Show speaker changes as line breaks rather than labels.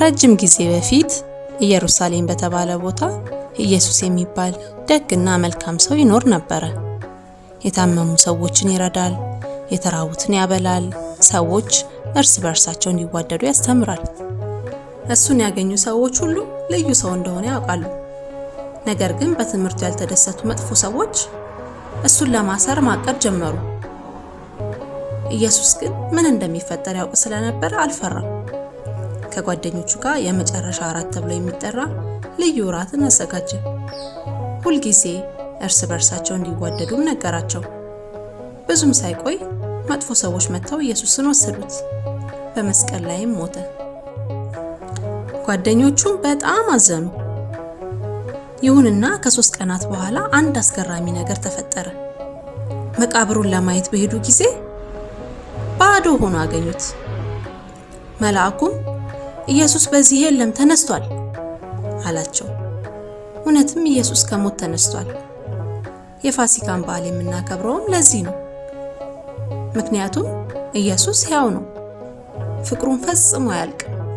ከረጅም ጊዜ በፊት ኢየሩሳሌም በተባለ ቦታ ኢየሱስ የሚባል ደግና መልካም ሰው ይኖር ነበረ። የታመሙ ሰዎችን ይረዳል፣ የተራቡትን ያበላል፣ ሰዎች እርስ በእርሳቸው እንዲዋደዱ ያስተምራል። እሱን ያገኙ ሰዎች ሁሉ ልዩ ሰው እንደሆነ ያውቃሉ። ነገር ግን በትምህርቱ ያልተደሰቱ መጥፎ ሰዎች እሱን ለማሰር ማቀድ ጀመሩ። ኢየሱስ ግን ምን እንደሚፈጠር ያውቅ ስለነበር አልፈራም። ከጓደኞቹ ጋር የመጨረሻ እራት ተብሎ የሚጠራ ልዩ እራትን አዘጋጀ። ሁልጊዜ እርስ በርሳቸው እንዲዋደዱም ነገራቸው። ብዙም ሳይቆይ መጥፎ ሰዎች መጥተው ኢየሱስን ወሰዱት፣ በመስቀል ላይም ሞተ። ጓደኞቹ በጣም አዘኑ። ይሁንና ከሶስት ቀናት በኋላ አንድ አስገራሚ ነገር ተፈጠረ። መቃብሩን ለማየት በሄዱ ጊዜ ባዶ ሆኖ አገኙት። መልአኩም ኢየሱስ በዚህ የለም ተነስቷል አላቸው። እውነትም ኢየሱስ ከሞት ተነስቷል። የፋሲካን በዓል የምናከብረውም ለዚህ ነው። ምክንያቱም ኢየሱስ ሕያው ነው፣ ፍቅሩን ፈጽሞ አያልቅም።